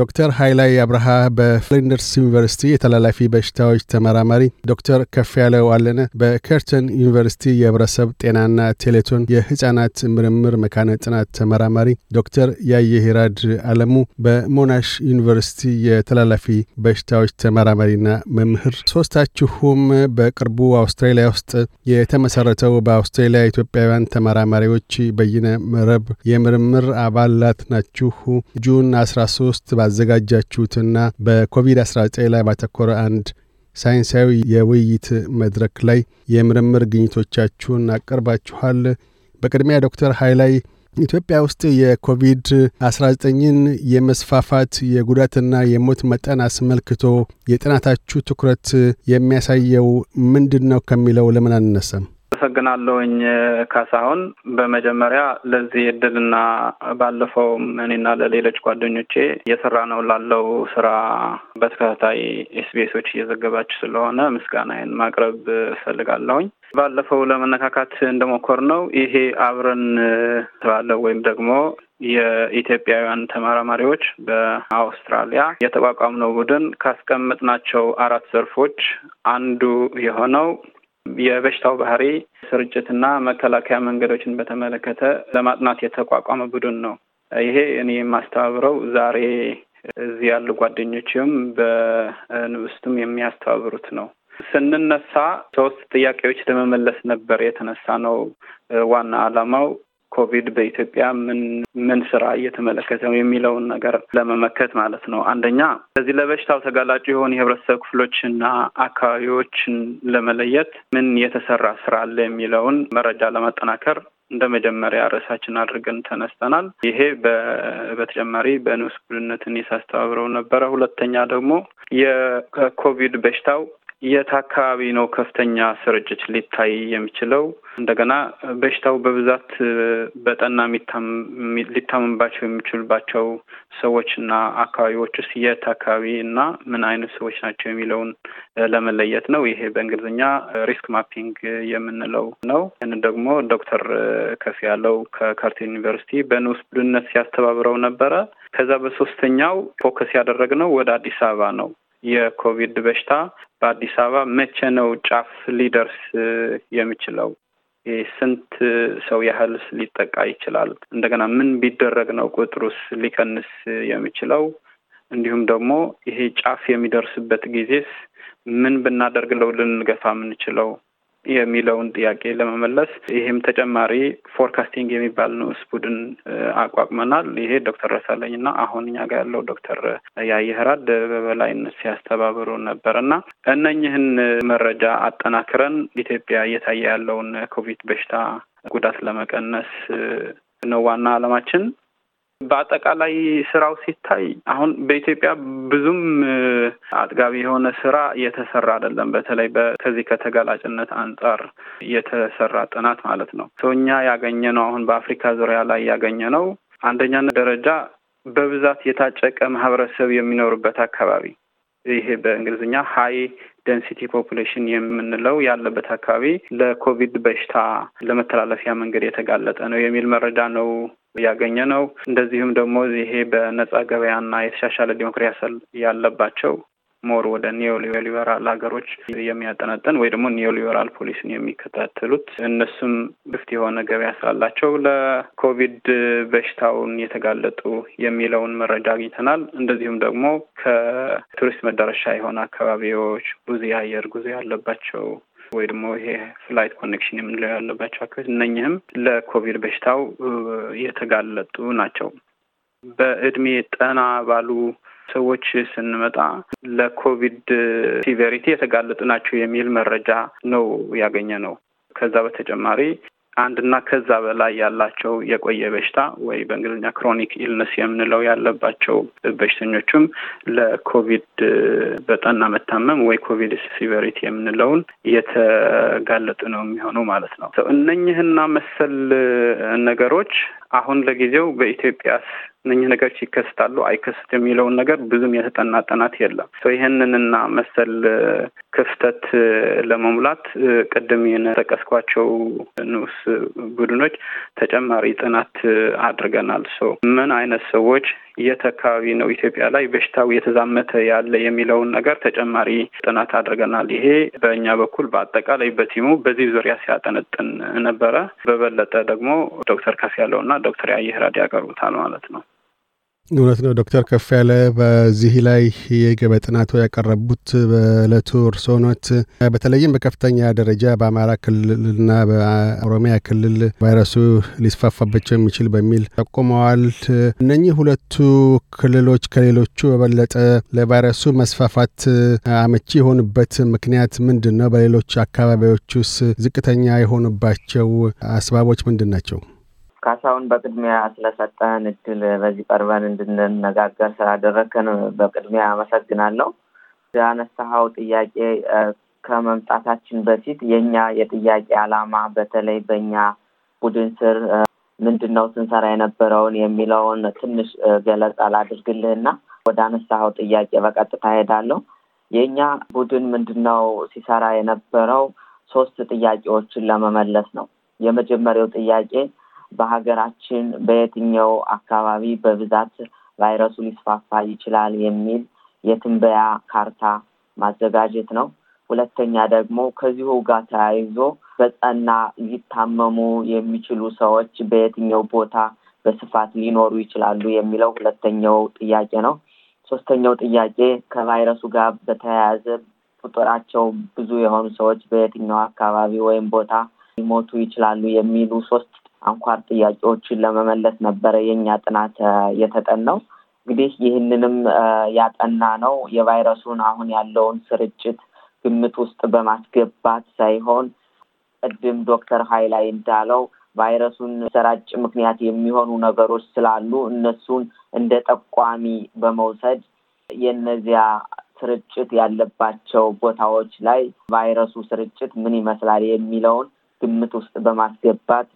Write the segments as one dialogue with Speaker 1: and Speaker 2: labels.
Speaker 1: ዶክተር ሀይላይ አብርሃ በፍሊንደርስ ዩኒቨርሲቲ የተላላፊ በሽታዎች ተመራማሪ፣ ዶክተር ከፍ ያለው አለነ በከርተን ዩኒቨርሲቲ የህብረሰብ ጤናና ቴሌቶን የህጻናት ምርምር መካነ ጥናት ተመራማሪ፣ ዶክተር ሂራድ አለሙ በሞናሽ ዩኒቨርሲቲ የተላላፊ በሽታዎች ተመራማሪና መምህር። ሶስታችሁም በቅርቡ አውስትራሊያ ውስጥ የተመሰረተው በአውስትራሊያ ኢትዮጵያውያን ተመራማሪዎች በይነ መረብ የምርምር አባላት ናችሁ። ጁን 13 ባዘጋጃችሁትና በኮቪድ-19 ላይ ባተኮረ አንድ ሳይንሳዊ የውይይት መድረክ ላይ የምርምር ግኝቶቻችሁን አቀርባችኋል። በቅድሚያ ዶክተር ሀይላይ ኢትዮጵያ ውስጥ የኮቪድ-19ን የመስፋፋት የጉዳትና የሞት መጠን አስመልክቶ የጥናታችሁ ትኩረት የሚያሳየው ምንድን ነው ከሚለው ለምን አንነሳም?
Speaker 2: አመሰግናለሁኝ ካሳሁን። በመጀመሪያ ለዚህ እድልና ባለፈው እኔና ለሌሎች ጓደኞቼ እየሰራ ነው ላለው ስራ በተከታታይ ኤስቢኤሶች እየዘገባችሁ ስለሆነ ምስጋናዬን ማቅረብ እፈልጋለሁኝ። ባለፈው ለመነካካት እንደሞከር ነው ይሄ አብረን ስላለው ወይም ደግሞ የኢትዮጵያውያን ተመራማሪዎች በአውስትራሊያ የተቋቋምነው ቡድን ካስቀመጥናቸው አራት ዘርፎች አንዱ የሆነው የበሽታው ባህሪ፣ ስርጭትና መከላከያ መንገዶችን በተመለከተ ለማጥናት የተቋቋመ ቡድን ነው። ይሄ እኔ የማስተባብረው ዛሬ እዚህ ያሉ ጓደኞችም በንብስቱም የሚያስተባብሩት ነው። ስንነሳ ሶስት ጥያቄዎች ለመመለስ ነበር የተነሳ ነው። ዋና ዓላማው ኮቪድ በኢትዮጵያ ምን ምን ስራ እየተመለከተ ነው የሚለውን ነገር ለመመከት ማለት ነው። አንደኛ ለዚህ ለበሽታው ተጋላጭ የሆኑ የህብረተሰብ ክፍሎችና አካባቢዎችን ለመለየት ምን የተሰራ ስራ አለ የሚለውን መረጃ ለማጠናከር እንደ መጀመሪያ ርዕሳችን አድርገን ተነስተናል። ይሄ በተጨማሪ በንዑስ ቡድንነት እኔ ሳስተባብረው ነበረ። ሁለተኛ ደግሞ የኮቪድ በሽታው የት አካባቢ ነው ከፍተኛ ስርጭት ሊታይ የሚችለው? እንደገና በሽታው በብዛት በጠና ሊታመምባቸው የሚችሉባቸው ሰዎች እና አካባቢዎች ውስጥ የት አካባቢ እና ምን አይነት ሰዎች ናቸው የሚለውን ለመለየት ነው። ይሄ በእንግሊዝኛ ሪስክ ማፒንግ የምንለው ነው። ይህን ደግሞ ዶክተር ከፍ ያለው ከካርቴ ዩኒቨርሲቲ በንዑስ ቡድንነት ሲያስተባብረው ነበረ። ከዛ በሶስተኛው ፎከስ ያደረግነው ወደ አዲስ አበባ ነው። የኮቪድ በሽታ በአዲስ አበባ መቼ ነው ጫፍ ሊደርስ የሚችለው? ስንት ሰው ያህልስ ሊጠቃ ይችላል? እንደገና ምን ቢደረግ ነው ቁጥሩስ ሊቀንስ የሚችለው? እንዲሁም ደግሞ ይሄ ጫፍ የሚደርስበት ጊዜስ ምን ብናደርግ ለው ልንገፋ የምንችለው? የሚለውን ጥያቄ ለመመለስ ይህም ተጨማሪ ፎርካስቲንግ የሚባል ንዑስ ቡድን አቋቁመናል። ይሄ ዶክተር ረሳለኝ እና አሁን እኛ ጋር ያለው ዶክተር ያየህራድ በበላይነት ሲያስተባብሩ ነበር እና እነኝህን መረጃ አጠናክረን ኢትዮጵያ እየታየ ያለውን ኮቪድ በሽታ ጉዳት ለመቀነስ ነው ዋና ዓላማችን። በአጠቃላይ ስራው ሲታይ አሁን በኢትዮጵያ ብዙም አጥጋቢ የሆነ ስራ እየተሰራ አይደለም። በተለይ ከዚህ ከተጋላጭነት አንጻር የተሰራ ጥናት ማለት ነው። ሰውኛ ያገኘ ያገኘነው አሁን በአፍሪካ ዙሪያ ላይ ያገኘ ነው። አንደኛ ደረጃ በብዛት የታጨቀ ማህበረሰብ የሚኖርበት አካባቢ ይሄ በእንግሊዝኛ ሀይ ደንሲቲ ፖፑሌሽን የምንለው ያለበት አካባቢ ለኮቪድ በሽታ ለመተላለፊያ መንገድ የተጋለጠ ነው የሚል መረጃ ነው እያገኘ ነው። እንደዚሁም ደግሞ ይሄ በነጻ ገበያና የተሻሻለ ዲሞክራሲ ያለባቸው ሞር ወደ ኒዮሊበራል ሀገሮች የሚያጠነጥን ወይ ደግሞ ኒዮሊበራል ፖሊሲን የሚከታተሉት እነሱም ግፍት የሆነ ገበያ ስላላቸው ለኮቪድ በሽታውን የተጋለጡ የሚለውን መረጃ አግኝተናል። እንደዚሁም ደግሞ ከቱሪስት መዳረሻ የሆነ አካባቢዎች ብዙ የአየር ጉዞ ያለባቸው ወይ ደግሞ ይሄ ፍላይት ኮኔክሽን የምንለው ያለባቸው አካባቢ እነኝህም ለኮቪድ በሽታው የተጋለጡ ናቸው። በእድሜ ጠና ባሉ ሰዎች ስንመጣ ለኮቪድ ሲቨሪቲ የተጋለጡ ናቸው የሚል መረጃ ነው ያገኘ ነው። ከዛ በተጨማሪ አንድና ከዛ በላይ ያላቸው የቆየ በሽታ ወይ በእንግሊዝኛ ክሮኒክ ኢልነስ የምንለው ያለባቸው በሽተኞችም ለኮቪድ በጠና መታመም ወይ ኮቪድ ሲቨሪቲ የምንለውን እየተጋለጡ ነው የሚሆነው ማለት ነው። እነኝህና መሰል ነገሮች አሁን ለጊዜው በኢትዮጵያ እነኚህ ነገሮች ይከሰታሉ አይከሰት የሚለውን ነገር ብዙም የተጠና ጥናት የለም። ይህንንና መሰል ክፍተት ለመሙላት ቅድም የጠቀስኳቸው ንዑስ ቡድኖች ተጨማሪ ጥናት አድርገናል። ሰው ምን አይነት ሰዎች የት አካባቢ ነው ኢትዮጵያ ላይ በሽታው እየተዛመተ ያለ የሚለውን ነገር ተጨማሪ ጥናት አድርገናል። ይሄ በእኛ በኩል በአጠቃላይ በቲሙ በዚህ ዙሪያ ሲያጠነጥን ነበረ። በበለጠ ደግሞ ዶክተር ከፍ ያለውና ዶክተር አየህራድ ያቀርቡታል ማለት ነው።
Speaker 1: እውነት ነው ዶክተር ከፍ ያለ በዚህ ላይ የገበ ጥናቶ ያቀረቡት በእለቱ እርሶኖት በተለይም በከፍተኛ ደረጃ በአማራ ክልልና በኦሮሚያ ክልል ቫይረሱ ሊስፋፋባቸው የሚችል በሚል ጠቁመዋል። እነኚህ ሁለቱ ክልሎች ከሌሎቹ በበለጠ ለቫይረሱ መስፋፋት አመቺ የሆኑበት ምክንያት ምንድን ነው? በሌሎች ውስጥ ዝቅተኛ የሆኑባቸው አስባቦች ምንድን ናቸው?
Speaker 3: ካሳሁን በቅድሚያ ስለሰጠን እድል በዚህ ቀርበን እንድንነጋገር ስላደረግከን በቅድሚያ አመሰግናለሁ። ያነሳኸው ጥያቄ ከመምጣታችን በፊት የእኛ የጥያቄ ዓላማ በተለይ በእኛ ቡድን ስር ምንድን ነው ስንሰራ የነበረውን የሚለውን ትንሽ ገለጻ ላድርግልህና ወደ አነሳኸው ጥያቄ በቀጥታ ሄዳለሁ። የእኛ ቡድን ምንድን ነው ሲሰራ የነበረው ሶስት ጥያቄዎችን ለመመለስ ነው። የመጀመሪያው ጥያቄ በሀገራችን በየትኛው አካባቢ በብዛት ቫይረሱ ሊስፋፋ ይችላል የሚል የትንበያ ካርታ ማዘጋጀት ነው። ሁለተኛ ደግሞ ከዚሁ ጋር ተያይዞ በጠና ሊታመሙ የሚችሉ ሰዎች በየትኛው ቦታ በስፋት ሊኖሩ ይችላሉ የሚለው ሁለተኛው ጥያቄ ነው። ሶስተኛው ጥያቄ ከቫይረሱ ጋር በተያያዘ ቁጥራቸው ብዙ የሆኑ ሰዎች በየትኛው አካባቢ ወይም ቦታ ሊሞቱ ይችላሉ የሚሉ ሶስት አንኳር ጥያቄዎችን ለመመለስ ነበረ የእኛ ጥናት የተጠናው። እንግዲህ ይህንንም ያጠና ነው የቫይረሱን አሁን ያለውን ስርጭት ግምት ውስጥ በማስገባት ሳይሆን ቅድም ዶክተር ሀይላይ እንዳለው ቫይረሱን ሰራጭ ምክንያት የሚሆኑ ነገሮች ስላሉ እነሱን እንደ ጠቋሚ በመውሰድ የእነዚያ ስርጭት ያለባቸው ቦታዎች ላይ ቫይረሱ ስርጭት ምን ይመስላል የሚለውን ግምት ውስጥ በማስገባት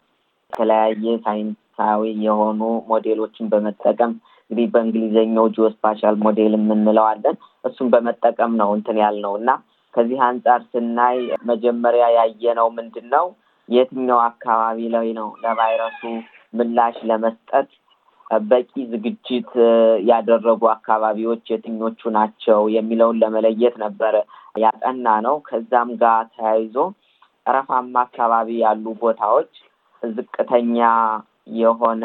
Speaker 3: የተለያየ ሳይንሳዊ የሆኑ ሞዴሎችን በመጠቀም እንግዲህ በእንግሊዝኛው ጂኦስፓሻል ሞዴል የምንለዋለን እሱን በመጠቀም ነው እንትን ያልነው እና ከዚህ አንጻር ስናይ መጀመሪያ ያየነው ምንድን ነው የትኛው አካባቢ ላይ ነው ለቫይረሱ ምላሽ ለመስጠት በቂ ዝግጅት ያደረጉ አካባቢዎች የትኞቹ ናቸው የሚለውን ለመለየት ነበረ ያጠና ነው። ከዛም ጋር ተያይዞ ረፋማ አካባቢ ያሉ ቦታዎች ዝቅተኛ የሆነ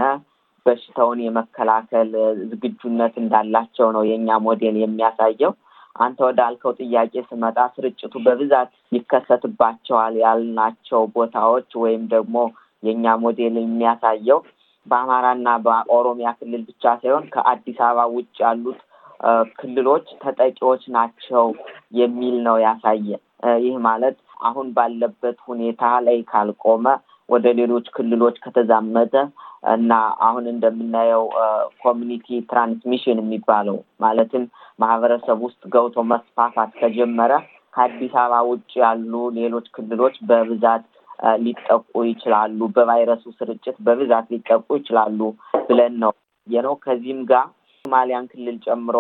Speaker 3: በሽታውን የመከላከል ዝግጁነት እንዳላቸው ነው የእኛ ሞዴል የሚያሳየው። አንተ ወደ አልከው ጥያቄ ስመጣ ስርጭቱ በብዛት ይከሰትባቸዋል ያልናቸው ቦታዎች ወይም ደግሞ የእኛ ሞዴል የሚያሳየው በአማራና በኦሮሚያ ክልል ብቻ ሳይሆን ከአዲስ አበባ ውጭ ያሉት ክልሎች ተጠቂዎች ናቸው የሚል ነው ያሳየ። ይህ ማለት አሁን ባለበት ሁኔታ ላይ ካልቆመ ወደ ሌሎች ክልሎች ከተዛመተ እና አሁን እንደምናየው ኮሚኒቲ ትራንስሚሽን የሚባለው ማለትም ማህበረሰብ ውስጥ ገብቶ መስፋፋት ከጀመረ ከአዲስ አበባ ውጭ ያሉ ሌሎች ክልሎች በብዛት ሊጠቁ ይችላሉ፣ በቫይረሱ ስርጭት በብዛት ሊጠቁ ይችላሉ ብለን ነው የነው። ከዚህም ጋር ሶማሊያን ክልል ጨምሮ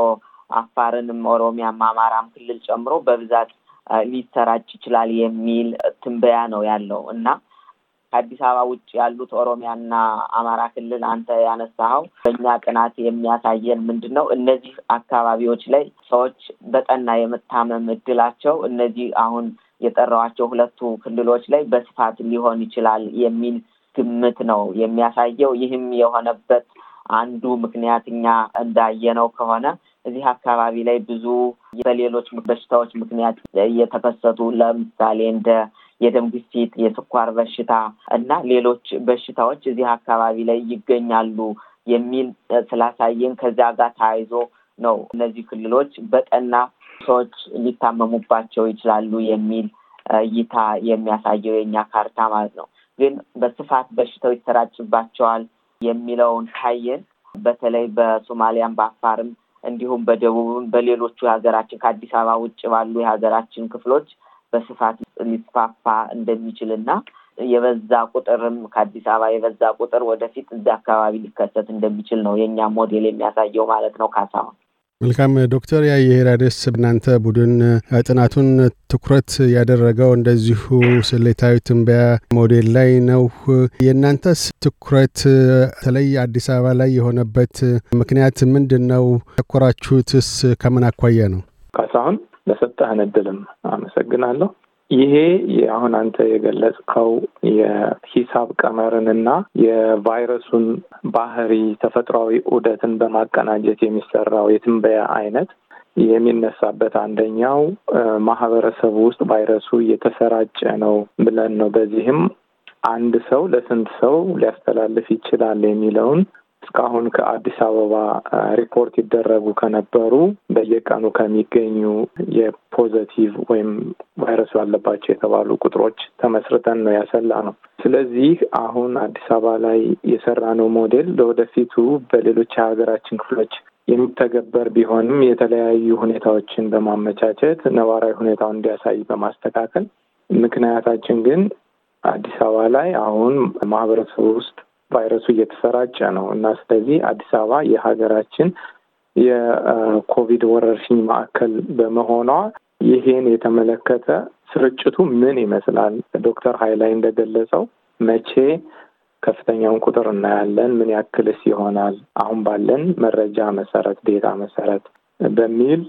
Speaker 3: አፋርንም፣ ኦሮሚያም፣ አማራም ክልል ጨምሮ በብዛት ሊሰራጭ ይችላል የሚል ትንበያ ነው ያለው እና ከአዲስ አበባ ውጭ ያሉት ኦሮሚያና አማራ ክልል አንተ ያነሳኸው በእኛ ጥናት የሚያሳየን ምንድን ነው? እነዚህ አካባቢዎች ላይ ሰዎች በጠና የመታመም እድላቸው እነዚህ አሁን የጠራዋቸው ሁለቱ ክልሎች ላይ በስፋት ሊሆን ይችላል የሚል ግምት ነው የሚያሳየው። ይህም የሆነበት አንዱ ምክንያት እኛ እንዳየነው ከሆነ እዚህ አካባቢ ላይ ብዙ በሌሎች በሽታዎች ምክንያት እየተከሰቱ ለምሳሌ እንደ የደም ግፊት፣ የስኳር በሽታ እና ሌሎች በሽታዎች እዚህ አካባቢ ላይ ይገኛሉ የሚል ስላሳየን ከዚያ ጋር ተያይዞ ነው እነዚህ ክልሎች በጠና ሰዎች ሊታመሙባቸው ይችላሉ የሚል እይታ የሚያሳየው የኛ ካርታ ማለት ነው። ግን በስፋት በሽታው ይሰራጭባቸዋል የሚለውን ካየን በተለይ በሶማሊያም በአፋርም እንዲሁም በደቡብም በሌሎቹ የሀገራችን ከአዲስ አበባ ውጭ ባሉ የሀገራችን ክፍሎች በስፋት ሊስፋፋ እንደሚችልና የበዛ ቁጥርም ከአዲስ አበባ የበዛ ቁጥር ወደፊት እዚ አካባቢ ሊከሰት እንደሚችል ነው የእኛ ሞዴል የሚያሳየው ማለት ነው። ካሳሁን
Speaker 1: መልካም ዶክተር የኢራዴስ እናንተ ቡድን ጥናቱን ትኩረት ያደረገው እንደዚሁ ስሌታዊ ትንበያ ሞዴል ላይ ነው። የእናንተስ ትኩረት በተለይ አዲስ አበባ ላይ የሆነበት ምክንያት ምንድን ነው? ያኮራችሁትስ ከምን አኳያ ነው?
Speaker 4: ካሳሁን ለሰጠህን እድልም አመሰግናለሁ። ይሄ አሁን አንተ የገለጽከው የሂሳብ ቀመርንና የቫይረሱን ባህሪ ተፈጥሯዊ ዑደትን በማቀናጀት የሚሰራው የትንበያ አይነት የሚነሳበት አንደኛው ማህበረሰቡ ውስጥ ቫይረሱ እየተሰራጨ ነው ብለን ነው። በዚህም አንድ ሰው ለስንት ሰው ሊያስተላልፍ ይችላል የሚለውን እስካሁን ከአዲስ አበባ ሪፖርት ይደረጉ ከነበሩ በየቀኑ ከሚገኙ የፖዘቲቭ ወይም ቫይረሱ ያለባቸው የተባሉ ቁጥሮች ተመስርተን ነው ያሰላ ነው። ስለዚህ አሁን አዲስ አበባ ላይ የሰራ ነው ሞዴል ለወደፊቱ በሌሎች የሀገራችን ክፍሎች የሚተገበር ቢሆንም የተለያዩ ሁኔታዎችን በማመቻቸት ነባራዊ ሁኔታውን እንዲያሳይ በማስተካከል ምክንያታችን ግን አዲስ አበባ ላይ አሁን ማህበረሰቡ ውስጥ ቫይረሱ እየተሰራጨ ነው እና ስለዚህ አዲስ አበባ የሀገራችን የኮቪድ ወረርሽኝ ማዕከል በመሆኗ ይሄን የተመለከተ ስርጭቱ ምን ይመስላል፣ ዶክተር ሀይላይ እንደገለጸው መቼ ከፍተኛውን ቁጥር እናያለን፣ ምን ያክልስ ይሆናል፣ አሁን ባለን መረጃ መሰረት ዴታ መሰረት በሚል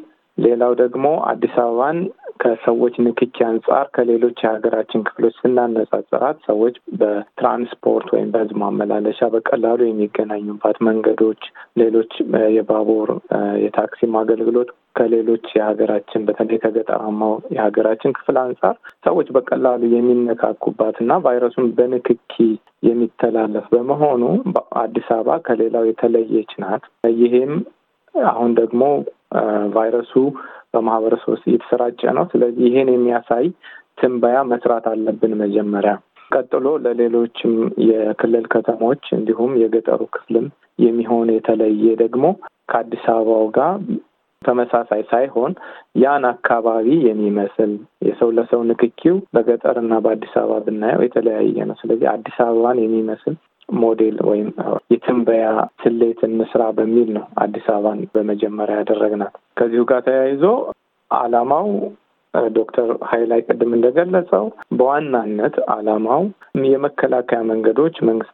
Speaker 4: ሌላው ደግሞ አዲስ አበባን ከሰዎች ንክኪ አንጻር ከሌሎች የሀገራችን ክፍሎች ስናነጻጽራት ሰዎች በትራንስፖርት ወይም በህዝብ ማመላለሻ በቀላሉ የሚገናኙባት መንገዶች፣ ሌሎች የባቡር የታክሲም አገልግሎት ከሌሎች የሀገራችን በተለይ ከገጠራማው የሀገራችን ክፍል አንጻር ሰዎች በቀላሉ የሚነካኩባት እና ቫይረሱን በንክኪ የሚተላለፍ በመሆኑ አዲስ አበባ ከሌላው የተለየች ናት። ይሄም አሁን ደግሞ ቫይረሱ በማህበረሰብ ውስጥ እየተሰራጨ ነው። ስለዚህ ይሄን የሚያሳይ ትንበያ መስራት አለብን መጀመሪያ። ቀጥሎ ለሌሎችም የክልል ከተሞች እንዲሁም የገጠሩ ክፍልም የሚሆን የተለየ ደግሞ ከአዲስ አበባው ጋር ተመሳሳይ ሳይሆን ያን አካባቢ የሚመስል የሰው ለሰው ንክኪው በገጠርና በአዲስ አበባ ብናየው የተለያየ ነው። ስለዚህ አዲስ አበባን የሚመስል ሞዴል ወይም የትንበያ ስሌት እንስራ በሚል ነው አዲስ አበባን በመጀመሪያ ያደረግናት። ከዚሁ ጋር ተያይዞ አላማው ዶክተር ሀይላይ ቅድም እንደገለጸው በዋናነት አላማው የመከላከያ መንገዶች መንግስት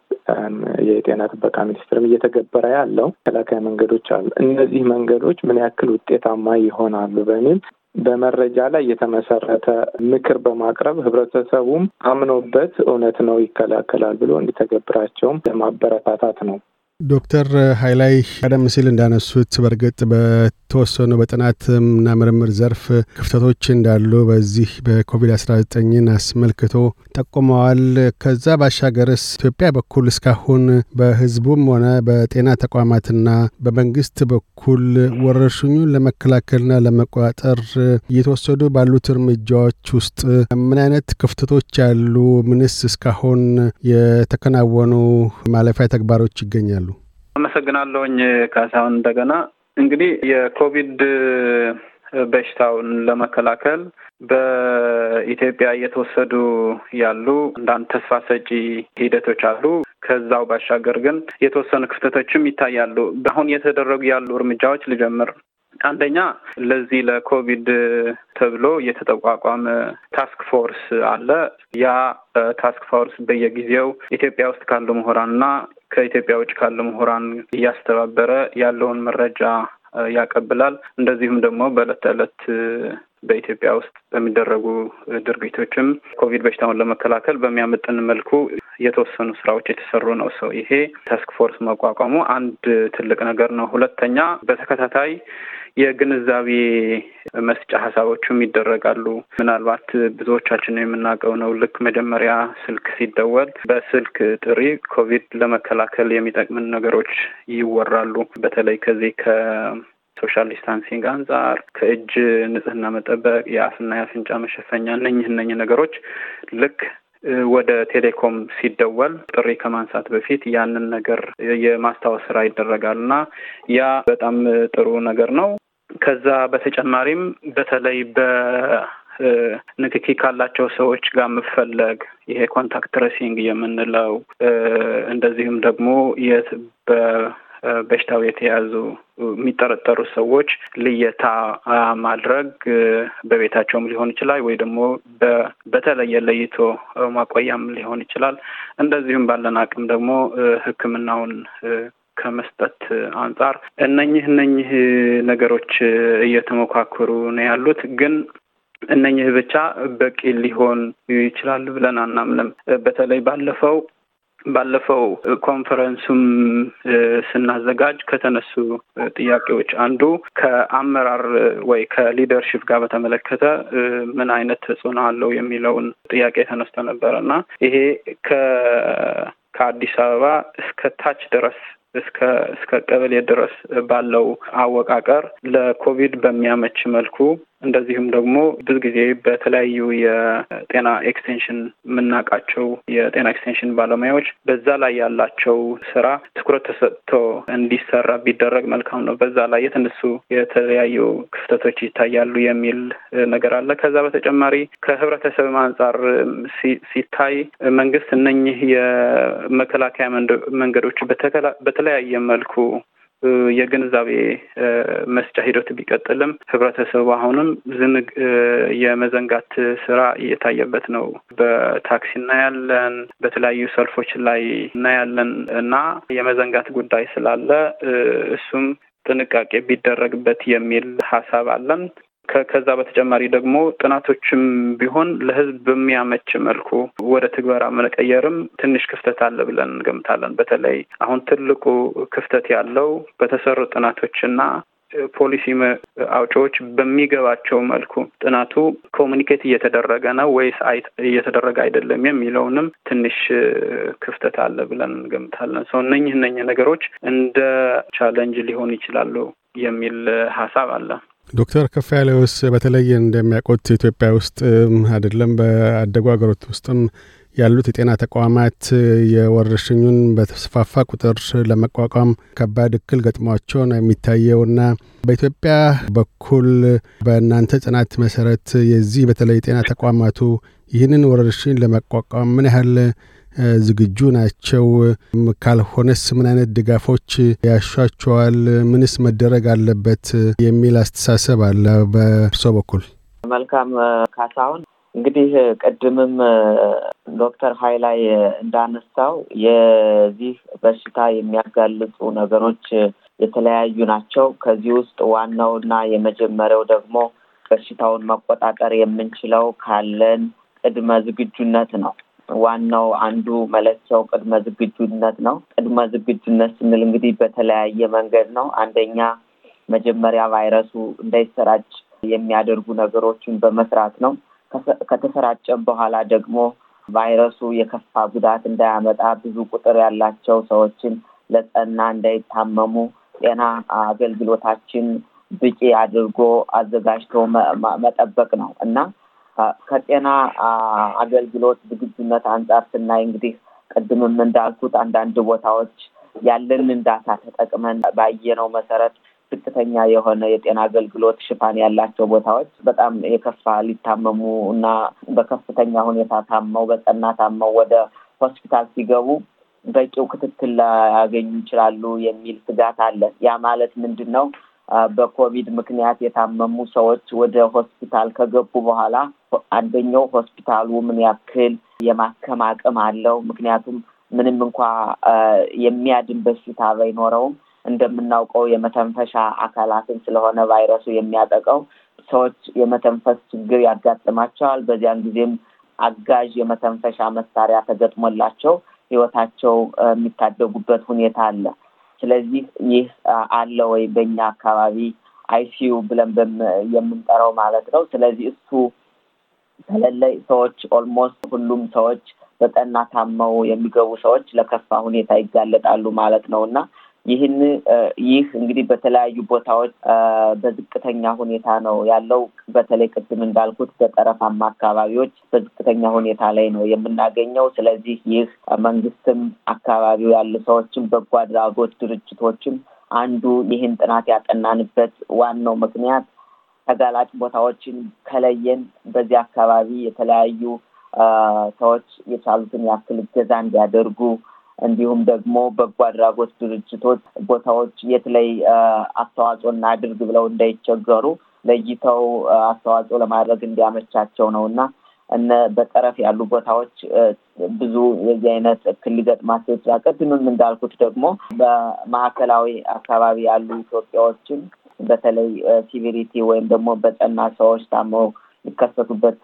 Speaker 4: የጤና ጥበቃ ሚኒስትርም እየተገበረ ያለው መከላከያ መንገዶች አሉ። እነዚህ መንገዶች ምን ያክል ውጤታማ ይሆናሉ በሚል በመረጃ ላይ የተመሰረተ ምክር በማቅረብ ህብረተሰቡም አምኖበት እውነት ነው ይከላከላል ብሎ እንዲተገብራቸውም ለማበረታታት ነው።
Speaker 1: ዶክተር ሀይላይ ቀደም ሲል እንዳነሱት በእርግጥ በተወሰኑ በጥናትና ምርምር ዘርፍ ክፍተቶች እንዳሉ በዚህ በኮቪድ-19ን አስመልክቶ ጠቁመዋል። ከዛ ባሻገርስ ኢትዮጵያ በኩል እስካሁን በህዝቡም ሆነ በጤና ተቋማትና በመንግስት በኩል ወረርሽኙን ለመከላከልና ለመቆጣጠር እየተወሰዱ ባሉት እርምጃዎች ውስጥ ምን አይነት ክፍተቶች ያሉ? ምንስ እስካሁን የተከናወኑ ማለፊያ ተግባሮች ይገኛሉ?
Speaker 2: አመሰግናለሁኝ ካሳሁን። እንደገና እንግዲህ የኮቪድ በሽታውን ለመከላከል በኢትዮጵያ እየተወሰዱ ያሉ አንዳንድ ተስፋ ሰጪ ሂደቶች አሉ። ከዛው ባሻገር ግን የተወሰኑ ክፍተቶችም ይታያሉ። አሁን እየተደረጉ ያሉ እርምጃዎች ልጀምር። አንደኛ ለዚህ ለኮቪድ ተብሎ የተጠቋቋመ ታስክ ፎርስ አለ። ያ ታስክ ፎርስ በየጊዜው ኢትዮጵያ ውስጥ ካሉ ምሁራንና ከኢትዮጵያ ውጭ ካሉ ምሁራን እያስተባበረ ያለውን መረጃ ያቀብላል። እንደዚሁም ደግሞ በዕለት ተዕለት በኢትዮጵያ ውስጥ በሚደረጉ ድርጊቶችም ኮቪድ በሽታውን ለመከላከል በሚያመጥን መልኩ የተወሰኑ ስራዎች የተሰሩ ነው። ሰው ይሄ ታስክ ፎርስ መቋቋሙ አንድ ትልቅ ነገር ነው። ሁለተኛ በተከታታይ የግንዛቤ መስጫ ሀሳቦችም ይደረጋሉ። ምናልባት ብዙዎቻችን የምናውቀው ነው። ልክ መጀመሪያ ስልክ ሲደወል በስልክ ጥሪ ኮቪድ ለመከላከል የሚጠቅምን ነገሮች ይወራሉ። በተለይ ከዚህ ከ ሶሻል ዲስታንሲንግ አንጻር ከእጅ ንጽህና መጠበቅ፣ የአፍና የአፍንጫ መሸፈኛ እነኝህ እነኝህ ነገሮች ልክ ወደ ቴሌኮም ሲደወል ጥሪ ከማንሳት በፊት ያንን ነገር የማስታወስ ስራ ይደረጋል እና ያ በጣም ጥሩ ነገር ነው። ከዛ በተጨማሪም በተለይ በንክኪ ካላቸው ሰዎች ጋር መፈለግ ይሄ ኮንታክት ትሬሲንግ የምንለው እንደዚህም ደግሞ በሽታው የተያዙ የሚጠረጠሩ ሰዎች ልየታ ማድረግ በቤታቸውም ሊሆን ይችላል ወይ ደግሞ በተለየ ለይቶ ማቆያም ሊሆን ይችላል። እንደዚሁም ባለን አቅም ደግሞ ሕክምናውን ከመስጠት አንጻር እነኝህ እነኝህ ነገሮች እየተሞካከሩ ነው ያሉት ግን እነኝህ ብቻ በቂ ሊሆን ይችላል ብለን አናምንም። በተለይ ባለፈው ባለፈው ኮንፈረንሱም ስናዘጋጅ ከተነሱ ጥያቄዎች አንዱ ከአመራር ወይ ከሊደርሽፕ ጋር በተመለከተ ምን አይነት ተጽዕኖ አለው የሚለውን ጥያቄ ተነስቶ ነበረ እና ይሄ ከአዲስ አበባ እስከ ታች ድረስ እስከ እስከ ቀበሌ ድረስ ባለው አወቃቀር ለኮቪድ በሚያመች መልኩ እንደዚሁም ደግሞ ብዙ ጊዜ በተለያዩ የጤና ኤክስቴንሽን የምናውቃቸው የጤና ኤክስቴንሽን ባለሙያዎች በዛ ላይ ያላቸው ስራ ትኩረት ተሰጥቶ እንዲሰራ ቢደረግ መልካም ነው። በዛ ላይ የተነሱ የተለያዩ ክፍተቶች ይታያሉ የሚል ነገር አለ። ከዛ በተጨማሪ ከህብረተሰብ አንጻር ሲታይ መንግስት እነኚህ የመከላከያ መንገዶች በተለያየ መልኩ የግንዛቤ መስጫ ሂደት ቢቀጥልም ህብረተሰቡ አሁንም ዝንግ የመዘንጋት ስራ እየታየበት ነው። በታክሲ እናያለን፣ በተለያዩ ሰልፎች ላይ እናያለን እና የመዘንጋት ጉዳይ ስላለ እሱም ጥንቃቄ ቢደረግበት የሚል ሀሳብ አለን። ከዛ በተጨማሪ ደግሞ ጥናቶችም ቢሆን ለህዝብ በሚያመች መልኩ ወደ ትግበራ መቀየርም ትንሽ ክፍተት አለ ብለን እንገምታለን። በተለይ አሁን ትልቁ ክፍተት ያለው በተሰሩ ጥናቶችና ፖሊሲ አውጪዎች በሚገባቸው መልኩ ጥናቱ ኮሚኒኬት እየተደረገ ነው ወይስ እየተደረገ አይደለም የሚለውንም ትንሽ ክፍተት አለ ብለን እንገምታለን። ሰው እነኝህ እነኝህ ነገሮች እንደ ቻለንጅ ሊሆን ይችላሉ የሚል ሀሳብ አለ።
Speaker 1: ዶክተር ከፍ ያለውስ በተለይ እንደሚያውቁት ኢትዮጵያ ውስጥ አይደለም በአደጉ ሀገሮች ውስጥም ያሉት የጤና ተቋማት የወረርሽኙን በተስፋፋ ቁጥር ለመቋቋም ከባድ እክል ገጥሟቸው ነው ና በኢትዮጵያ በኩል በእናንተ ጥናት መሰረት የዚህ በተለይ የጤና ተቋማቱ ይህንን ወረርሽኝ ለመቋቋም ምን ያህል ዝግጁ ናቸው? ካልሆነስ ምን አይነት ድጋፎች ያሻቸዋል? ምንስ መደረግ አለበት የሚል አስተሳሰብ አለ በእርሶ በኩል?
Speaker 3: መልካም ካሳሁን፣ እንግዲህ ቅድምም ዶክተር ሀይላይ እንዳነሳው የዚህ በሽታ የሚያጋልጡ ነገሮች የተለያዩ ናቸው። ከዚህ ውስጥ ዋናው እና የመጀመሪያው ደግሞ በሽታውን መቆጣጠር የምንችለው ካለን ቅድመ ዝግጁነት ነው። ዋናው አንዱ መለኪያው ቅድመ ዝግጁነት ነው። ቅድመ ዝግጁነት ስንል እንግዲህ በተለያየ መንገድ ነው። አንደኛ መጀመሪያ ቫይረሱ እንዳይሰራጭ የሚያደርጉ ነገሮችን በመስራት ነው። ከተሰራጨ በኋላ ደግሞ ቫይረሱ የከፋ ጉዳት እንዳያመጣ ብዙ ቁጥር ያላቸው ሰዎችን ለጠና እንዳይታመሙ ጤና አገልግሎታችን ብቂ አድርጎ አዘጋጅቶ መጠበቅ ነው እና ከጤና አገልግሎት ዝግጁነት አንጻር ስናይ እንግዲህ ቅድምም እንዳልኩት አንዳንድ ቦታዎች ያለንን ዳታ ተጠቅመን ባየነው መሰረት ዝቅተኛ የሆነ የጤና አገልግሎት ሽፋን ያላቸው ቦታዎች በጣም የከፋ ሊታመሙ እና በከፍተኛ ሁኔታ ታመው በጠና ታመው ወደ ሆስፒታል ሲገቡ በቂው ክትትል ላያገኙ ይችላሉ የሚል ስጋት አለ። ያ ማለት ምንድን ነው? በኮቪድ ምክንያት የታመሙ ሰዎች ወደ ሆስፒታል ከገቡ በኋላ አንደኛው ሆስፒታሉ ምን ያክል የማከም አቅም አለው? ምክንያቱም ምንም እንኳ የሚያድን በሽታ ባይኖረውም እንደምናውቀው የመተንፈሻ አካላትን ስለሆነ ቫይረሱ የሚያጠቀው ሰዎች የመተንፈስ ችግር ያጋጥማቸዋል። በዚያን ጊዜም አጋዥ የመተንፈሻ መሳሪያ ተገጥሞላቸው ህይወታቸው የሚታደጉበት ሁኔታ አለ። ስለዚህ ይህ አለ ወይ በኛ አካባቢ አይሲዩ ብለን የምንጠራው ማለት ነው። ስለዚህ እሱ ከሌለ ሰዎች ኦልሞስት ሁሉም ሰዎች በጠና ታመው የሚገቡ ሰዎች ለከፋ ሁኔታ ይጋለጣሉ ማለት ነው እና ይህን ይህ እንግዲህ በተለያዩ ቦታዎች በዝቅተኛ ሁኔታ ነው ያለው። በተለይ ቅድም እንዳልኩት በጠረፋማ አካባቢዎች በዝቅተኛ ሁኔታ ላይ ነው የምናገኘው። ስለዚህ ይህ መንግስትም፣ አካባቢው ያሉ ሰዎችም፣ በጎ አድራጎት ድርጅቶችም አንዱ ይህን ጥናት ያጠናንበት ዋናው ምክንያት ተጋላጭ ቦታዎችን ከለየን በዚህ አካባቢ የተለያዩ ሰዎች የቻሉትን ያክል እገዛ እንዲያደርጉ እንዲሁም ደግሞ በጎ አድራጎት ድርጅቶች ቦታዎች የት ላይ አስተዋጽኦ እናድርግ ብለው እንዳይቸገሩ ለይተው አስተዋጽኦ ለማድረግ እንዲያመቻቸው ነው እና እነ በጠረፍ ያሉ ቦታዎች ብዙ የዚህ አይነት እክል ሊገጥማቸው ይችላል። ቅድምም እንዳልኩት ደግሞ በማዕከላዊ አካባቢ ያሉ ኢትዮጵያዎችን በተለይ ሲቪሪቲ ወይም ደግሞ በጠና ሰዎች ታመው ሊከሰቱበት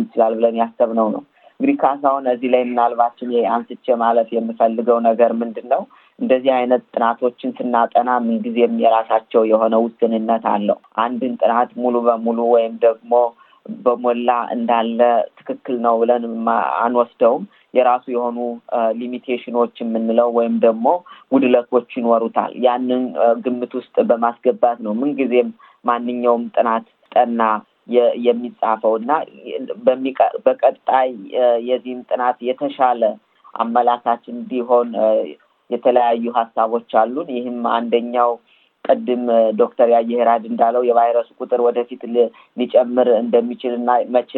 Speaker 3: ይችላል ብለን ያሰብነው ነው። እንግዲህ ካሳሁን እዚህ ላይ ምናልባት አንስቼ ማለፍ የምፈልገው ነገር ምንድን ነው፣ እንደዚህ አይነት ጥናቶችን ስናጠና ምንጊዜም የራሳቸው የሆነ ውስንነት አለው። አንድን ጥናት ሙሉ በሙሉ ወይም ደግሞ በሞላ እንዳለ ትክክል ነው ብለን አንወስደውም። የራሱ የሆኑ ሊሚቴሽኖች የምንለው ወይም ደግሞ ጉድለቶች ይኖሩታል። ያንን ግምት ውስጥ በማስገባት ነው ምንጊዜም ማንኛውም ጥናት ጠና የሚጻፈው እና በቀጣይ የዚህም ጥናት የተሻለ አመላካች እንዲሆን የተለያዩ ሀሳቦች አሉን። ይህም አንደኛው ቅድም ዶክተር ያየህ ራድ እንዳለው የቫይረሱ ቁጥር ወደፊት ሊጨምር እንደሚችል እና መቼ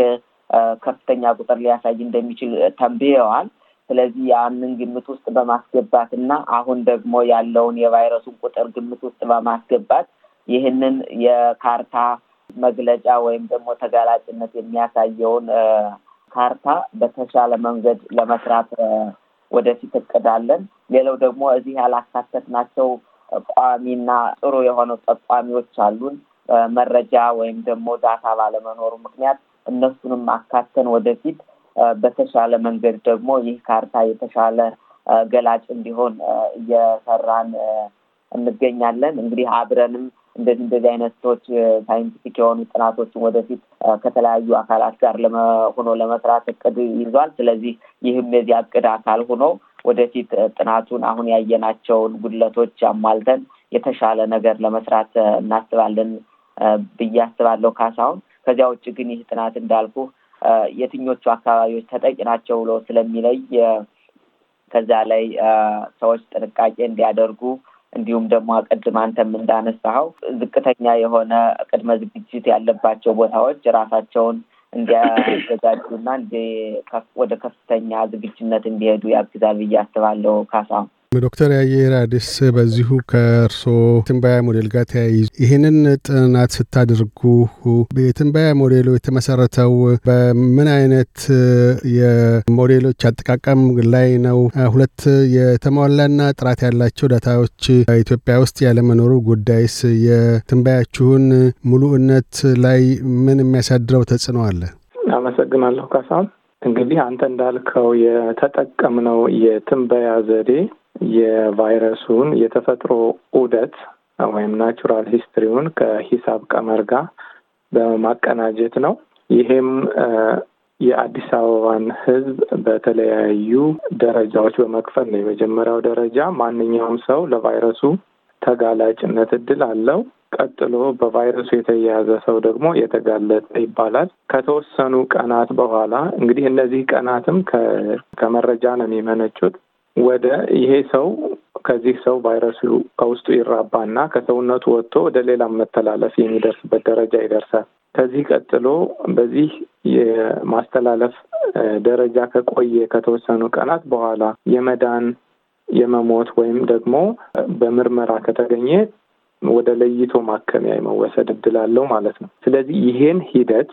Speaker 3: ከፍተኛ ቁጥር ሊያሳይ እንደሚችል ተንብየዋል። ስለዚህ ያንን ግምት ውስጥ በማስገባት እና አሁን ደግሞ ያለውን የቫይረሱን ቁጥር ግምት ውስጥ በማስገባት ይህንን የካርታ መግለጫ ወይም ደግሞ ተጋላጭነት የሚያሳየውን ካርታ በተሻለ መንገድ ለመስራት ወደፊት እቅዳለን። ሌላው ደግሞ እዚህ ያላካተት ናቸው። ጠቋሚና ጥሩ የሆኑ ጠቋሚዎች አሉን። መረጃ ወይም ደግሞ ዳታ ባለመኖሩ ምክንያት እነሱንም አካተን ወደፊት በተሻለ መንገድ ደግሞ ይህ ካርታ የተሻለ ገላጭ እንዲሆን እየሰራን እንገኛለን። እንግዲህ አብረንም እንደዚህ እንደዚህ አይነት ሰዎች ሳይንቲፊክ የሆኑ ጥናቶችን ወደፊት ከተለያዩ አካላት ጋር ሆኖ ለመስራት እቅድ ይዟል። ስለዚህ ይህም የዚህ እቅድ አካል ሆኖ ወደፊት ጥናቱን አሁን ያየናቸውን ጉድለቶች አሟልተን የተሻለ ነገር ለመስራት እናስባለን ብዬ አስባለሁ። ካሳሁን ከዚያ ውጭ ግን ይህ ጥናት እንዳልኩ የትኞቹ አካባቢዎች ተጠቂ ናቸው ብሎ ስለሚለይ ከዛ ላይ ሰዎች ጥንቃቄ እንዲያደርጉ እንዲሁም ደግሞ ቅድም አንተም እንዳነሳኸው ዝቅተኛ የሆነ ቅድመ ዝግጅት ያለባቸው ቦታዎች ራሳቸውን እንዲያዘጋጁና ወደ ከፍተኛ ዝግጁነት እንዲሄዱ ያግዛል ብዬ አስባለሁ። ካሳሁን
Speaker 1: ዶክተር ያየር አዲስ በዚሁ ከእርሶ ትንበያ ሞዴል ጋር ተያይዙ ይህንን ጥናት ስታደርጉ የትንበያ ሞዴሉ የተመሰረተው በምን አይነት የሞዴሎች አጠቃቀም ላይ ነው? ሁለት የተሟላና ጥራት ያላቸው ዳታዎች ኢትዮጵያ ውስጥ ያለመኖሩ ጉዳይስ የትንበያችሁን ሙሉእነት ላይ ምን የሚያሳድረው ተጽዕኖ አለ?
Speaker 4: አመሰግናለሁ ካሳም። እንግዲህ አንተ እንዳልከው የተጠቀምነው የትንበያ ዘዴ የቫይረሱን የተፈጥሮ ዑደት ወይም ናቹራል ሂስትሪውን ከሂሳብ ቀመር ጋር በማቀናጀት ነው። ይሄም የአዲስ አበባን ሕዝብ በተለያዩ ደረጃዎች በመክፈል ነው። የመጀመሪያው ደረጃ ማንኛውም ሰው ለቫይረሱ ተጋላጭነት እድል አለው። ቀጥሎ በቫይረሱ የተያያዘ ሰው ደግሞ የተጋለጠ ይባላል። ከተወሰኑ ቀናት በኋላ እንግዲህ እነዚህ ቀናትም ከመረጃ ነው የሚመነጩት ወደ ይሄ ሰው ከዚህ ሰው ቫይረሱ ከውስጡ ይራባና ከሰውነቱ ወጥቶ ወደ ሌላም መተላለፍ የሚደርስበት ደረጃ ይደርሳል። ከዚህ ቀጥሎ በዚህ የማስተላለፍ ደረጃ ከቆየ ከተወሰኑ ቀናት በኋላ የመዳን የመሞት ወይም ደግሞ በምርመራ ከተገኘ ወደ ለይቶ ማከሚያ የመወሰድ እድል አለው ማለት ነው። ስለዚህ ይሄን ሂደት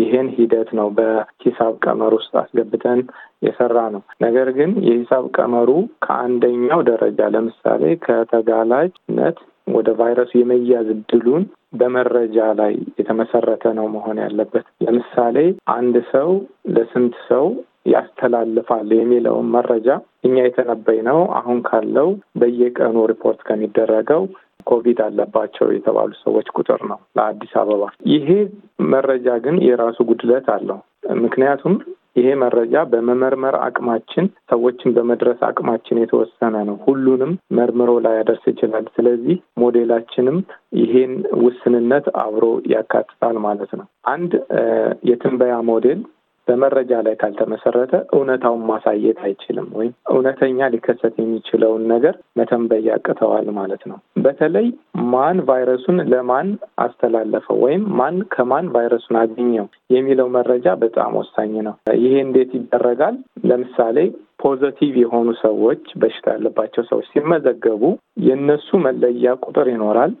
Speaker 4: ይህን ሂደት ነው በሂሳብ ቀመር ውስጥ አስገብተን የሰራ ነው። ነገር ግን የሂሳብ ቀመሩ ከአንደኛው ደረጃ ለምሳሌ ከተጋላጭነት ወደ ቫይረሱ የመያዝ እድሉን በመረጃ ላይ የተመሰረተ ነው መሆን ያለበት። ለምሳሌ አንድ ሰው ለስንት ሰው ያስተላልፋል የሚለውን መረጃ እኛ የተነበይ ነው አሁን ካለው በየቀኑ ሪፖርት ከሚደረገው ኮቪድ አለባቸው የተባሉ ሰዎች ቁጥር ነው ለአዲስ አበባ። ይሄ መረጃ ግን የራሱ ጉድለት አለው። ምክንያቱም ይሄ መረጃ በመመርመር አቅማችን ሰዎችን በመድረስ አቅማችን የተወሰነ ነው። ሁሉንም መርምሮ ላያደርስ ይችላል። ስለዚህ ሞዴላችንም ይሄን ውስንነት አብሮ ያካትታል ማለት ነው። አንድ የትንበያ ሞዴል በመረጃ ላይ ካልተመሰረተ እውነታውን ማሳየት አይችልም፣ ወይም እውነተኛ ሊከሰት የሚችለውን ነገር መተንበይ ያቅተዋል ማለት ነው። በተለይ ማን ቫይረሱን ለማን አስተላለፈው ወይም ማን ከማን ቫይረሱን አገኘው የሚለው መረጃ በጣም ወሳኝ ነው። ይሄ እንዴት ይደረጋል? ለምሳሌ ፖዘቲቭ የሆኑ ሰዎች በሽታ ያለባቸው ሰዎች ሲመዘገቡ የእነሱ መለያ ቁጥር ይኖራል።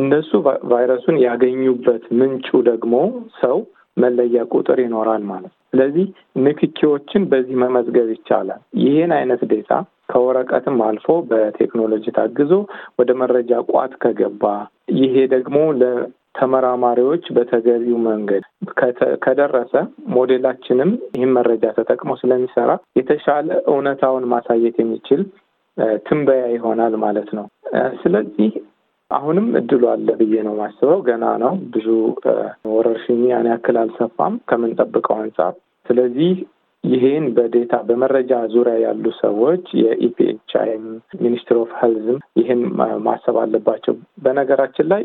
Speaker 4: እነሱ ቫይረሱን ያገኙበት ምንጩ ደግሞ ሰው መለያ ቁጥር ይኖራል ማለት ነው። ስለዚህ ንክኪዎችን በዚህ መመዝገብ ይቻላል። ይህን አይነት ዴታ ከወረቀትም አልፎ በቴክኖሎጂ ታግዞ ወደ መረጃ ቋት ከገባ ይሄ ደግሞ ለተመራማሪዎች በተገቢው መንገድ ከደረሰ ሞዴላችንም ይህን መረጃ ተጠቅሞ ስለሚሰራ የተሻለ እውነታውን ማሳየት የሚችል ትንበያ ይሆናል ማለት ነው። ስለዚህ አሁንም እድሉ አለ ብዬ ነው የማስበው። ገና ነው ብዙ ወረርሽኝ ያን ያክል አልሰፋም ከምንጠብቀው አንጻር። ስለዚህ ይህን በዴታ በመረጃ ዙሪያ ያሉ ሰዎች የኢፒኤችአይም ሚኒስትር ኦፍ ሄልዝም ይህን ማሰብ አለባቸው። በነገራችን ላይ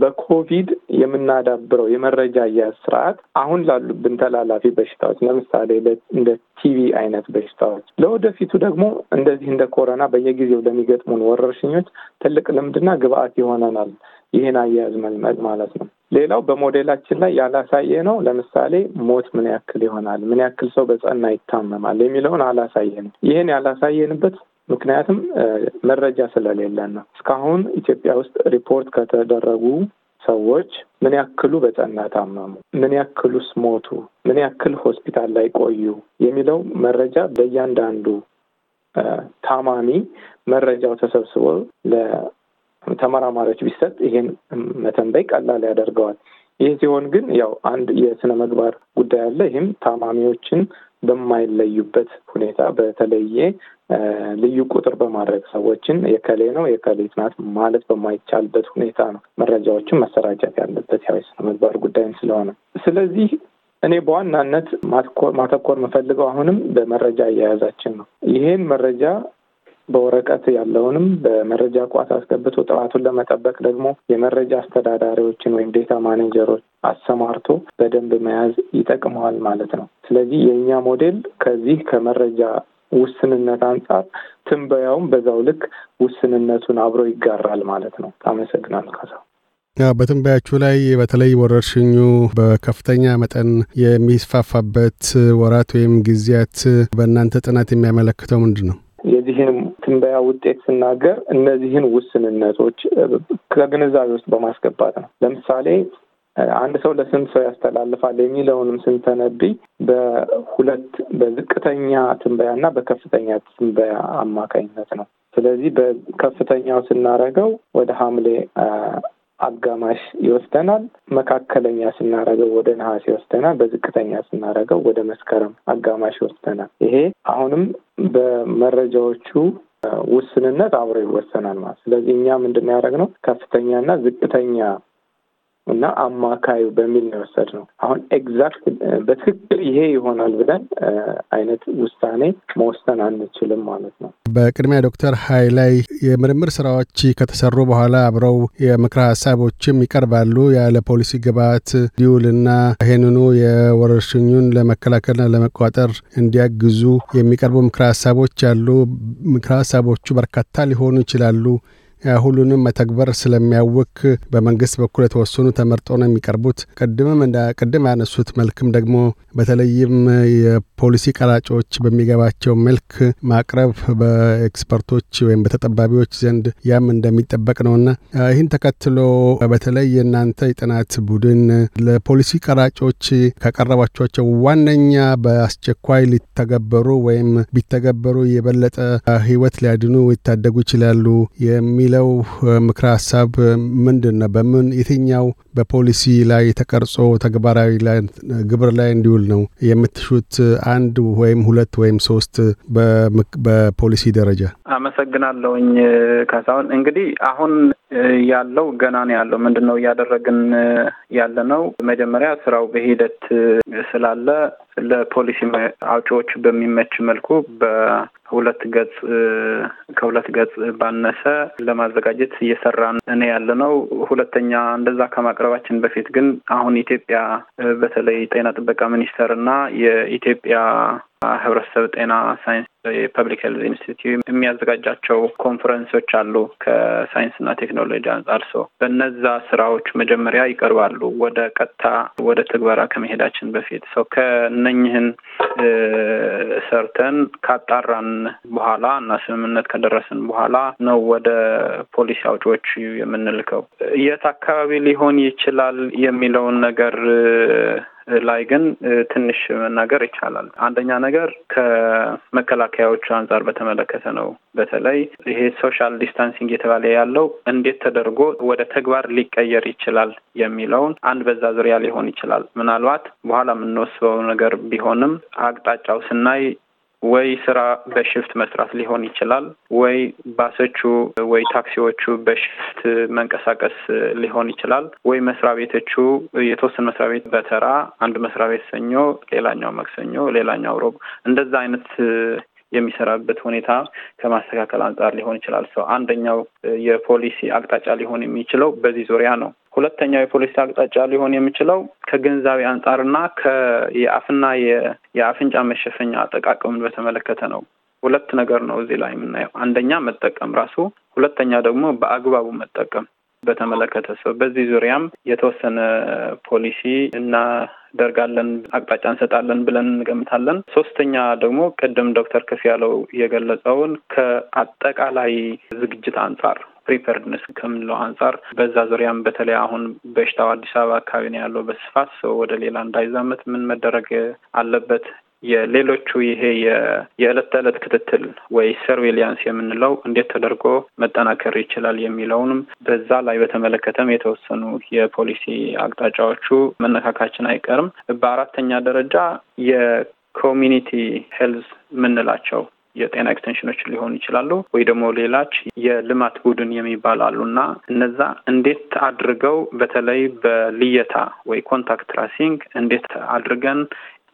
Speaker 4: በኮቪድ የምናዳብረው የመረጃ አያያዝ ስርዓት አሁን ላሉብን ተላላፊ በሽታዎች ለምሳሌ እንደ ቲቪ አይነት በሽታዎች፣ ለወደፊቱ ደግሞ እንደዚህ እንደ ኮሮና በየጊዜው ለሚገጥሙን ወረርሽኞች ትልቅ ልምድና ግብአት ይሆነናል። ይህን አያያዝ መልመድ ማለት ነው። ሌላው በሞዴላችን ላይ ያላሳየ ነው። ለምሳሌ ሞት ምን ያክል ይሆናል፣ ምን ያክል ሰው በጸና ይታመማል የሚለውን ነው። ይህን ያላሳየንበት ምክንያትም መረጃ ስለሌለን ነው። እስካሁን ኢትዮጵያ ውስጥ ሪፖርት ከተደረጉ ሰዎች ምን ያክሉ በጸና ታመሙ፣ ምን ያክሉስ ሞቱ፣ ምን ያክል ሆስፒታል ላይ ቆዩ የሚለው መረጃ በእያንዳንዱ ታማሚ መረጃው ተሰብስቦ ተመራማሪዎች ቢሰጥ ይሄን መተንበይ ቀላል ያደርገዋል። ይህ ሲሆን ግን ያው አንድ የስነ ምግባር ጉዳይ አለ። ይህም ታማሚዎችን በማይለዩበት ሁኔታ በተለየ ልዩ ቁጥር በማድረግ ሰዎችን የከሌ ነው የከሌት ናት ማለት በማይቻልበት ሁኔታ ነው መረጃዎችን መሰራጨት ያለበት ያው የስነ ምግባር ጉዳይም ስለሆነ ስለዚህ እኔ በዋናነት ማተኮር የምፈልገው አሁንም በመረጃ አያያዛችን ነው። ይሄን መረጃ በወረቀት ያለውንም በመረጃ ቋት አስገብቶ ጥራቱን ለመጠበቅ ደግሞ የመረጃ አስተዳዳሪዎችን ወይም ዴታ ማኔጀሮች አሰማርቶ በደንብ መያዝ ይጠቅመዋል ማለት ነው። ስለዚህ የእኛ ሞዴል ከዚህ ከመረጃ ውስንነት አንጻር ትንበያውም በዛው ልክ ውስንነቱን አብሮ ይጋራል ማለት ነው። አመሰግናል ካሳው።
Speaker 1: በትንበያችሁ ላይ በተለይ ወረርሽኙ በከፍተኛ መጠን የሚስፋፋበት ወራት ወይም ጊዜያት በእናንተ ጥናት የሚያመለክተው ምንድን ነው?
Speaker 4: የዚህን ትንበያ ውጤት ስናገር እነዚህን ውስንነቶች ከግንዛቤ ውስጥ በማስገባት ነው። ለምሳሌ አንድ ሰው ለስንት ሰው ያስተላልፋል የሚለውንም ስንተነብይ በሁለት በዝቅተኛ ትንበያ እና በከፍተኛ ትንበያ አማካኝነት ነው። ስለዚህ በከፍተኛው ስናደርገው ወደ ሐምሌ አጋማሽ ይወስደናል። መካከለኛ ስናረገው ወደ ነሐሴ ይወስደናል። በዝቅተኛ ስናረገው ወደ መስከረም አጋማሽ ይወስደናል። ይሄ አሁንም በመረጃዎቹ ውስንነት አብሮ ይወሰናል ማለት ስለዚህ እኛ ምንድን ያደረግነው ከፍተኛና ዝቅተኛ እና አማካዩ በሚል ነው ነው። አሁን ኤግዛክት በትክክል ይሄ ይሆናል ብለን አይነት ውሳኔ መወሰን አንችልም ማለት ነው።
Speaker 1: በቅድሚያ ዶክተር ሀይ ላይ የምርምር ስራዎች ከተሰሩ በኋላ አብረው የምክረ ሀሳቦችም ይቀርባሉ ያለ ፖሊሲ ግብዓት ሊውልና ይህንኑ የወረርሽኙን ለመከላከልና ለመቋጠር እንዲያግዙ የሚቀርቡ ምክረ ሀሳቦች አሉ። ምክረ ሀሳቦቹ በርካታ ሊሆኑ ይችላሉ። ሁሉንም መተግበር ስለሚያውክ በመንግስት በኩል የተወሰኑ ተመርጦ ነው የሚቀርቡት። ቅድምም እንደ ቅድም ያነሱት መልክም ደግሞ በተለይም የፖሊሲ ቀራጮች በሚገባቸው መልክ ማቅረብ በኤክስፐርቶች ወይም በተጠባቢዎች ዘንድ ያም እንደሚጠበቅ ነውና ይህን ተከትሎ በተለይ የእናንተ የጥናት ቡድን ለፖሊሲ ቀራጮች ካቀረባቸዋቸው ዋነኛ በአስቸኳይ ሊተገበሩ ወይም ቢተገበሩ የበለጠ ህይወት ሊያድኑ ይታደጉ ይችላሉ የሚል የሚለው ምክረ ሀሳብ ምንድን ነው? በምን የትኛው በፖሊሲ ላይ ተቀርጾ ተግባራዊ ላይ ግብር ላይ እንዲውል ነው የምትሹት? አንድ ወይም ሁለት ወይም ሶስት በፖሊሲ ደረጃ።
Speaker 2: አመሰግናለሁኝ ካሳሁን። እንግዲህ አሁን ያለው ገና ነው ያለው። ምንድን ነው እያደረግን ያለ ነው? መጀመሪያ ስራው በሂደት ስላለ ለፖሊሲ አውጪዎች በሚመች መልኩ በሁለት ገጽ ከሁለት ገጽ ባነሰ ለማዘጋጀት እየሰራን እኔ ያለ ነው። ሁለተኛ እንደዛ ከማቅረባችን በፊት ግን አሁን ኢትዮጵያ በተለይ ጤና ጥበቃ ሚኒስቴር እና የኢትዮጵያ ህብረተሰብ ጤና ሳይንስ የፐብሊክ ሄልዝ ኢንስቲትዩት የሚያዘጋጃቸው ኮንፈረንሶች አሉ ከሳይንስና ቴክኖሎጂ አንጻር ሰው በነዛ ስራዎች መጀመሪያ ይቀርባሉ ወደ ቀጥታ ወደ ትግበራ ከመሄዳችን በፊት ሰው ከነኝህን ሰርተን ካጣራን በኋላ እና ስምምነት ከደረስን በኋላ ነው ወደ ፖሊሲ አውጪዎች የምንልከው። የት አካባቢ ሊሆን ይችላል የሚለውን ነገር ላይ ግን ትንሽ መናገር ይቻላል። አንደኛ ነገር ከመከላከያዎቹ አንጻር በተመለከተ ነው። በተለይ ይሄ ሶሻል ዲስታንሲንግ የተባለ ያለው እንዴት ተደርጎ ወደ ተግባር ሊቀየር ይችላል የሚለውን አንድ በዛ ዙሪያ ሊሆን ይችላል። ምናልባት በኋላ የምንወስበው ነገር ቢሆንም አቅጣጫው ስናይ ወይ ስራ በሽፍት መስራት ሊሆን ይችላል፣ ወይ ባሶቹ ወይ ታክሲዎቹ በሽፍት መንቀሳቀስ ሊሆን ይችላል፣ ወይ መስሪያ ቤቶቹ የተወሰን መስሪያ ቤት በተራ አንድ መስሪያ ቤት ሰኞ፣ ሌላኛው መክሰኞ፣ ሌላኛው ሮብ እንደዛ አይነት የሚሰራበት ሁኔታ ከማስተካከል አንጻር ሊሆን ይችላል። ሰው አንደኛው የፖሊሲ አቅጣጫ ሊሆን የሚችለው በዚህ ዙሪያ ነው። ሁለተኛው የፖሊሲ አቅጣጫ ሊሆን የሚችለው ከግንዛቤ አንጻርና ከየአፍና የአፍንጫ መሸፈኛ አጠቃቀምን በተመለከተ ነው። ሁለት ነገር ነው እዚህ ላይ የምናየው። አንደኛ መጠቀም ራሱ፣ ሁለተኛ ደግሞ በአግባቡ መጠቀም በተመለከተ ሰው በዚህ ዙሪያም የተወሰነ ፖሊሲ እናደርጋለን፣ አቅጣጫ እንሰጣለን ብለን እንገምታለን። ሶስተኛ ደግሞ ቅድም ዶክተር ከፍ ያለው የገለጸውን ከአጠቃላይ ዝግጅት አንጻር ፕሪፐርድነስ ከምንለው አንጻር በዛ ዙሪያም በተለይ አሁን በሽታው አዲስ አበባ አካባቢ ነው ያለው በስፋት ሰው ወደ ሌላ እንዳይዛመት ምን መደረግ አለበት? የሌሎቹ ይሄ የዕለት ተዕለት ክትትል ወይ ሰርቬሊያንስ የምንለው እንዴት ተደርጎ መጠናከር ይችላል የሚለውንም በዛ ላይ በተመለከተም የተወሰኑ የፖሊሲ አቅጣጫዎቹ መነካካችን አይቀርም። በአራተኛ ደረጃ የኮሚኒቲ ሄልዝ የምንላቸው የጤና ኤክስቴንሽኖች ሊሆኑ ይችላሉ ወይ ደግሞ ሌላች የልማት ቡድን የሚባል አሉ እና እነዛ እንዴት አድርገው በተለይ በልየታ ወይ ኮንታክት ትራሲንግ እንዴት አድርገን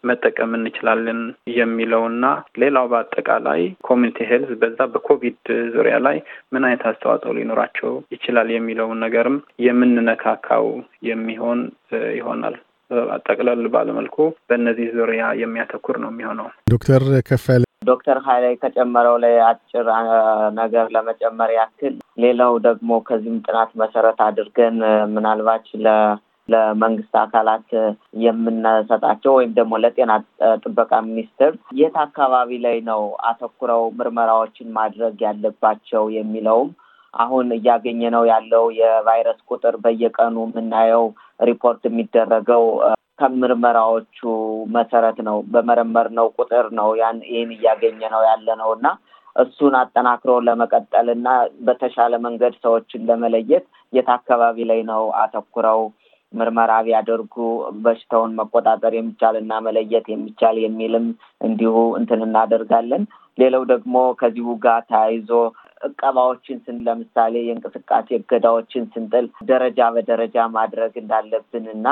Speaker 2: መጠቀም እንችላለን የሚለውና ሌላው በአጠቃላይ ኮሚኒቲ ሄልዝ በዛ በኮቪድ ዙሪያ ላይ ምን አይነት አስተዋጽኦ ሊኖራቸው ይችላል የሚለውን ነገርም የምንነካካው የሚሆን ይሆናል። ጠቅለል ባለመልኩ በእነዚህ
Speaker 3: ዙሪያ የሚያተኩር ነው የሚሆነው።
Speaker 1: ዶክተር ከፈለ
Speaker 3: ዶክተር ሀይላይ ከጨመረው ላይ አጭር ነገር ለመጨመር ያክል ሌላው ደግሞ ከዚህም ጥናት መሰረት አድርገን ምናልባች ለመንግስት አካላት የምንሰጣቸው ወይም ደግሞ ለጤና ጥበቃ ሚኒስቴር የት አካባቢ ላይ ነው አተኩረው ምርመራዎችን ማድረግ ያለባቸው የሚለውም አሁን እያገኘ ነው ያለው የቫይረስ ቁጥር በየቀኑ የምናየው ሪፖርት የሚደረገው ከምርመራዎቹ መሰረት ነው። ነው ቁጥር ነው ያን ይህን እያገኘ ነው ያለ ነው እና እሱን አጠናክሮ ለመቀጠል እና በተሻለ መንገድ ሰዎችን ለመለየት የት አካባቢ ላይ ነው አተኩረው ምርመራ ቢያደርጉ በሽታውን መቆጣጠር የሚቻል እና መለየት የሚቻል የሚልም እንዲሁ እንትን እናደርጋለን። ሌላው ደግሞ ከዚሁ ጋር ተያይዞ እቀባዎችን ስን ለምሳሌ የእንቅስቃሴ እገዳዎችን ስንጥል ደረጃ በደረጃ ማድረግ እንዳለብን እና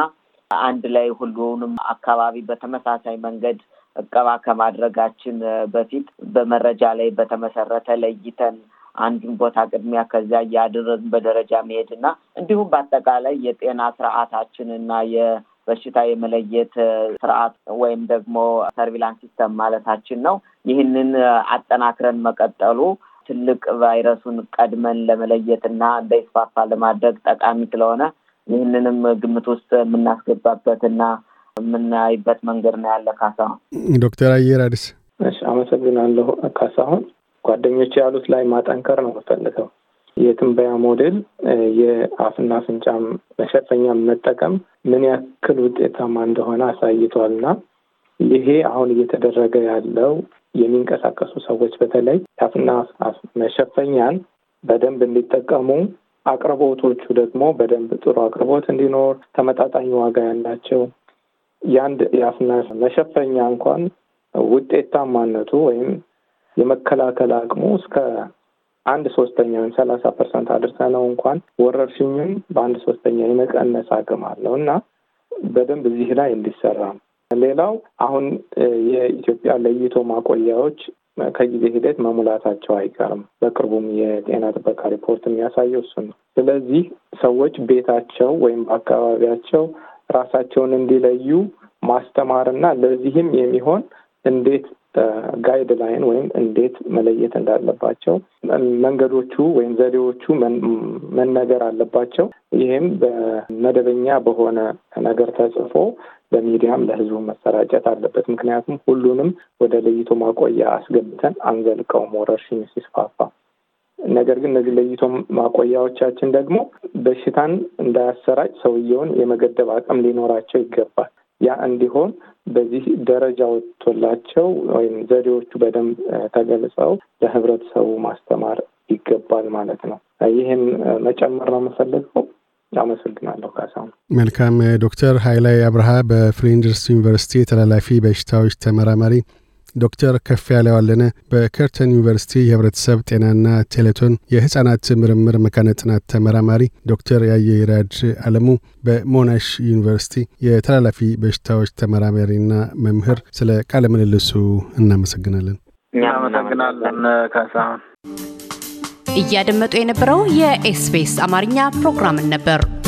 Speaker 3: አንድ ላይ ሁሉንም አካባቢ በተመሳሳይ መንገድ እቀባ ከማድረጋችን በፊት በመረጃ ላይ በተመሰረተ ለይተን አንዱን ቦታ ቅድሚያ ከዚያ እያደረግን በደረጃ መሄድና እንዲሁም በአጠቃላይ የጤና ስርዓታችንና የበሽታ የመለየት ስርዓት ወይም ደግሞ ሰርቪላንስ ሲስተም ማለታችን ነው። ይህንን አጠናክረን መቀጠሉ ትልቅ ቫይረሱን ቀድመን ለመለየት እና እንዳይስፋፋ ለማድረግ ጠቃሚ ስለሆነ ይህንንም ግምት ውስጥ የምናስገባበት እና የምናይበት መንገድ ነው ያለ ካሳሁን።
Speaker 1: ዶክተር አየር አዲስ
Speaker 3: እሺ፣ አመሰግናለሁ ካሳሁን። ጓደኞች
Speaker 4: ያሉት ላይ ማጠንከር ነው የምፈልገው። የትንበያ ሞዴል የአፍና አፍንጫ መሸፈኛ መጠቀም ምን ያክል ውጤታማ እንደሆነ አሳይቷል እና ይሄ አሁን እየተደረገ ያለው የሚንቀሳቀሱ ሰዎች በተለይ ታፍና መሸፈኛን በደንብ እንዲጠቀሙ አቅርቦቶቹ ደግሞ በደንብ ጥሩ አቅርቦት እንዲኖር ተመጣጣኝ ዋጋ ያላቸው የአንድ የአፍና መሸፈኛ እንኳን ውጤታማነቱ ወይም የመከላከል አቅሙ እስከ አንድ ሶስተኛ ወይም ሰላሳ ፐርሰንት አድርሰ ነው እንኳን ወረርሽኙም በአንድ ሶስተኛ የመቀነስ አቅም አለው እና በደንብ እዚህ ላይ እንዲሰራ ሌላው አሁን የኢትዮጵያ ለይቶ ማቆያዎች ከጊዜ ሂደት መሙላታቸው አይቀርም። በቅርቡም የጤና ጥበቃ ሪፖርት የሚያሳየው እሱ ነው። ስለዚህ ሰዎች ቤታቸው ወይም በአካባቢያቸው ራሳቸውን እንዲለዩ ማስተማርና ለዚህም የሚሆን እንዴት ጋይድላይን ወይም እንዴት መለየት እንዳለባቸው መንገዶቹ ወይም ዘዴዎቹ መነገር አለባቸው። ይህም በመደበኛ በሆነ ነገር ተጽፎ በሚዲያም ለህዝቡ መሰራጨት አለበት። ምክንያቱም ሁሉንም ወደ ለይቶ ማቆያ አስገብተን አንዘልቀውም ወረርሽኝ ሲስፋፋ። ነገር ግን እነዚህ ለይቶ ማቆያዎቻችን ደግሞ በሽታን እንዳያሰራጭ ሰውየውን የመገደብ አቅም ሊኖራቸው ይገባል። ያ እንዲሆን በዚህ ደረጃ ወጥቶላቸው ወይም ዘዴዎቹ በደንብ ተገልጸው ለህብረተሰቡ ማስተማር ይገባል ማለት ነው። ይህን መጨመር ነው የምፈልገው። አመሰግናለሁ
Speaker 1: ካሳሁን። መልካም ዶክተር ሀይላይ አብርሃ በፍሬንድርስ ዩኒቨርሲቲ ተላላፊ በሽታዎች ተመራማሪ ዶክተር ከፍ ያለዋለን በከርተን ዩኒቨርሲቲ የህብረተሰብ ጤናና ቴሌቶን የህፃናት ምርምር መካነ ጥናት ተመራማሪ፣ ዶክተር ያየ ይራድ አለሙ በሞናሽ ዩኒቨርሲቲ የተላላፊ በሽታዎች ተመራማሪና መምህር፣ ስለ ቃለ ምልልሱ እናመሰግናለን።
Speaker 2: እናመሰግናለን ካሳሁን። እያደመጡ የነበረው የኤስፔስ አማርኛ ፕሮግራምን ነበር።